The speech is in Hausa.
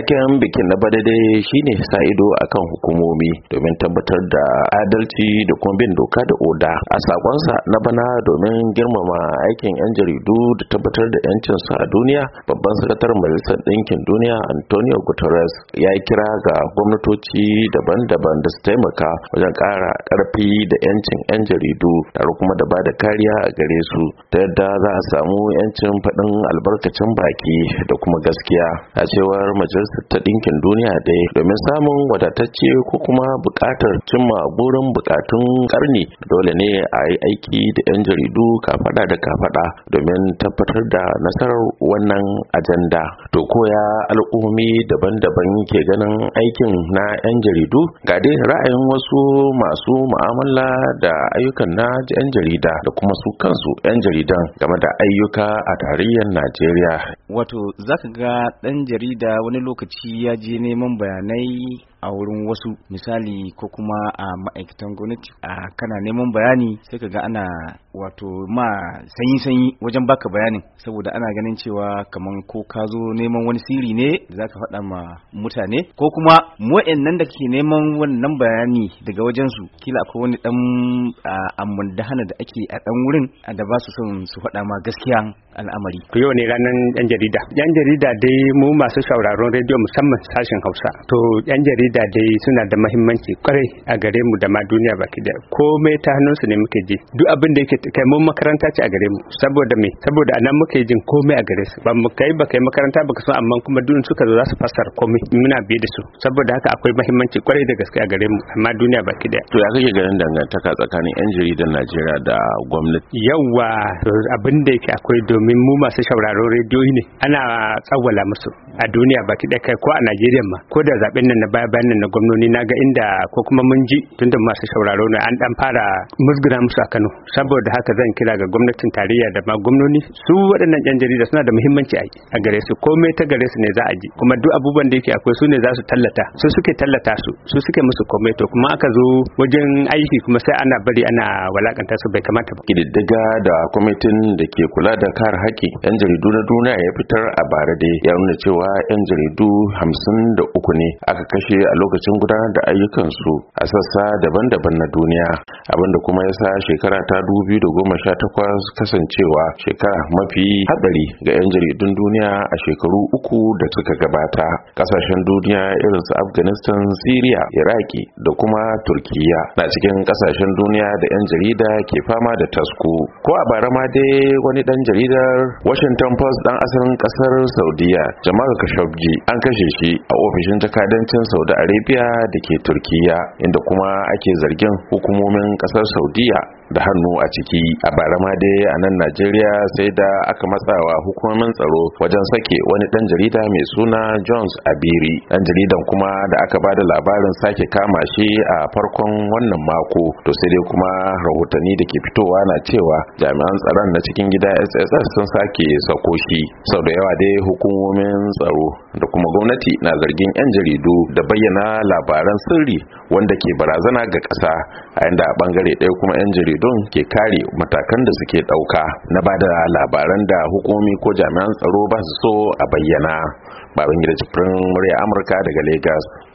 taken bikin na bada dai shine sa ido akan hukumomi domin tabbatar da adalci da kuma bin doka da oda a sakonsa na bana domin girmama aikin yan jaridu da tabbatar da yancin su a duniya babban sakataren majalisar ɗinkin duniya antonio guterres ya kira ga gwamnatoci daban-daban da su taimaka wajen ƙara ƙarfi da yancin yan jaridu tare kuma da ba da kariya a gare su ta yadda za a samu yancin faɗin albarkacin baki da kuma gaskiya a cewar majalisar ta ɗinkin duniya ɗaya domin samun wadatacce ko kuma buƙatar cimma burin buƙatun ƙarni dole ne a yi aiki da 'yan jaridu kafaɗa da kafaɗa domin tabbatar da nasarar wannan ajanda to koya al'ummi daban-daban ke ganin aikin na 'yan jaridu ga dai ra'ayin wasu masu mu'amala da ayyukan na 'yan jarida da kuma su kansu 'yan jaridan game da ayyuka a tarayyar najeriya wato zaka ga ɗan jarida wani lokaci ya je neman bayanai a wurin wasu misali ko kuma a ma'aikatan gwamnati a kana neman bayani sai ka ga ana wato ma sanyi sanyi wajen baka bayanin saboda ana ganin cewa kamar ko ka zo neman wani siri ne za ka faɗa ma mutane ko kuma nan da ke neman wannan bayani daga wajen kila akwai wani dan amman da hana da ake a dan wurin da ba su son su faɗa ma gaskiya al'amari to yau ne ranar yan jarida yan jarida dai mu masu sauraron rediyo musamman sashen Hausa to yan jarida jarida dai suna da mahimmanci kwarai a gare mu da ma duniya baki da komai ta hannunsu ne muke ji duk abin da yake kai mun makaranta ce a gare mu saboda me saboda anan muke jin komai a gare su ba mu kai ba kai makaranta ba ka amma kuma duniya suka za su fasar komai muna biye da su saboda haka akwai mahimmanci kwarai da gaske a gare mu amma duniya baki da to ya kake ganin dangantaka tsakanin yan jaridan Najeriya da gwamnati yawa abin da yake akwai domin mu masu shauraro rediyo ne ana tsawwala musu a duniya baki da kai ko a Najeriya ma ko da zaben nan na baya zaben nan na gwamnoni na ga inda ko kuma mun ji tunda masu sauraro ne an dan fara musguna musu a Kano saboda haka zan kira ga gwamnatin tarayya da ma gwamnoni su waɗannan yan jarida suna da muhimmanci a gare su komai ta gare su ne za a ji kuma duk abubuwan da yake akwai su ne za su tallata su suke tallata su su suke musu komai to kuma aka zo wajen aiki kuma sai ana bari ana walakanta su bai kamata ba kididdiga da kwamitin da ke kula da kare haƙƙi yan jaridu na duniya ya fitar a bara da ya nuna cewa yan jaridu hamsin da uku ne aka kashe a lokacin gudanar da su a sassa daban-daban na duniya abinda kuma ya sa shekara ta takwas kasancewa shekara mafi haɗari ga 'yan jaridun duniya a shekaru uku da suka gabata ƙasashen duniya irin su afghanistan syria iraki da kuma turkiya na cikin ƙasashen duniya da 'yan jarida ke fama da tasko ko a bara ma dai wani ɗan jaridar washington post ɗan asalin ƙasar saudiya jamal khashoggi an kashe shi a ofishin jakadancin saudi arabia da ke turkiya inda kuma ake zargin hukumomin kasar saudiya da hannu a ciki a bara ma dai a nan najeriya sai da aka matsawa hukumomin tsaro wajen sake wani dan jarida mai suna jones abiri dan jaridan kuma da aka ba da labarin sake kama shi a farkon wannan mako to sai dai kuma rahotanni da ke fitowa na cewa jami'an tsaron na cikin gida sss sun sake sako shi sau da yawa dai hukumomin tsaro da kuma gwamnati na zargin 'yan jaridu da bayyana labaran sirri wanda ke barazana ga ƙasa a yanda a bangare ɗaya kuma 'yan jaridu don ke kare matakan da suke ɗauka na ba da labaran da hukumi ko jami'an tsaro ba su so a bayyana babangida jibrin murya amurka daga lagos